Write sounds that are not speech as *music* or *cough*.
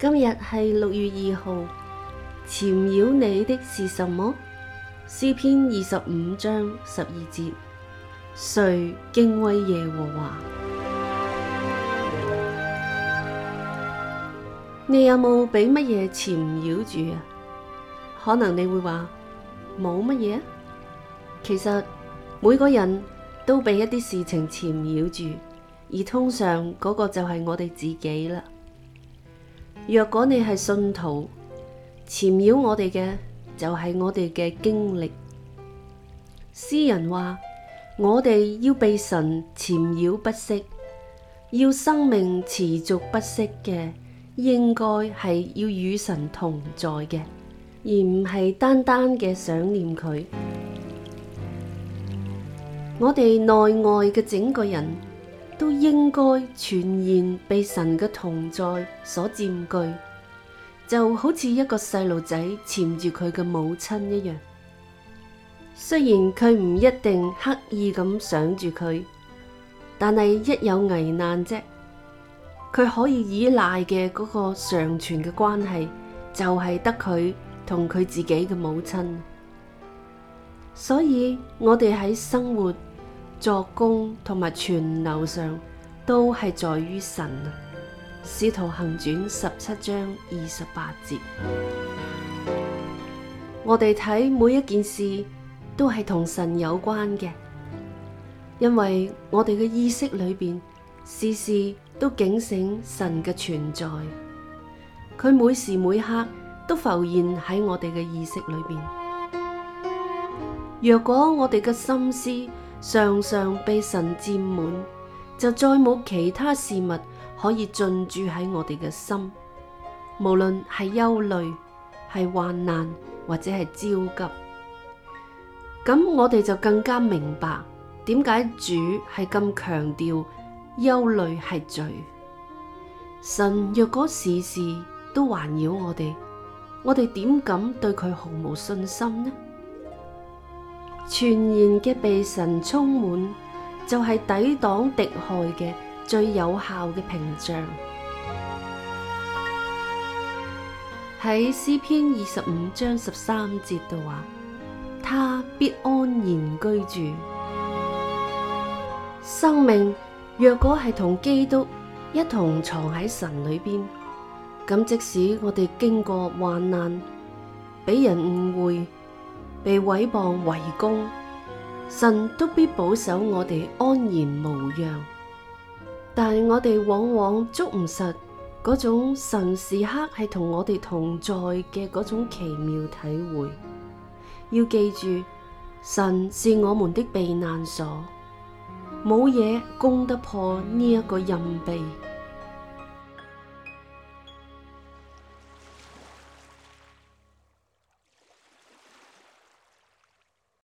今日係六月二號，纏繞你的是什麼？詩篇二十五章十二節，誰敬畏耶和華？ *music* 你有冇俾乜嘢纏繞住啊？可能你會話冇乜嘢，其實每個人都俾一啲事情纏繞住，而通常嗰個就係我哋自己啦。若果你係信徒，纏繞我哋嘅就係我哋嘅經歷。詩人話，我哋要被神纏繞不息，要生命持續不息嘅，應該係要與神同在嘅，而唔係單單嘅想念佢。我哋內外嘅整個人。都應該全然被神嘅同在所佔據，就好似一個細路仔纏住佢嘅母親一樣。雖然佢唔一定刻意咁想住佢，但係一有危難啫，佢可以依賴嘅嗰個常存嘅關係就係、是、得佢同佢自己嘅母親。所以我哋喺生活。作工同埋傳流上，都係在於神啊！《使徒行傳》十七章二十八節，我哋睇每一件事都係同神有關嘅，因為我哋嘅意識裏邊，時時都警醒神嘅存在，佢每時每刻都浮現喺我哋嘅意識裏邊。若果我哋嘅心思常常被神佔滿，就再冇其他事物可以進駐喺我哋嘅心，無論係憂慮、係患難或者係焦急，咁我哋就更加明白點解主係咁強調憂慮係罪。神若果事事都環繞我哋，我哋點敢對佢毫無信心呢？全然嘅被神充滿，就係抵擋敵害嘅最有效嘅屏障。喺詩篇二十五章十三節度話，他必安然居住。生命若果係同基督一同藏喺神裏邊，咁即使我哋經過患難，俾人誤會。被毀謗、圍攻，神都必保守我哋安然無恙。但係我哋往往捉唔實嗰種神時刻係同我哋同在嘅嗰種奇妙體會。要記住，神是我們的避難所，冇嘢攻得破呢一個隱蔽。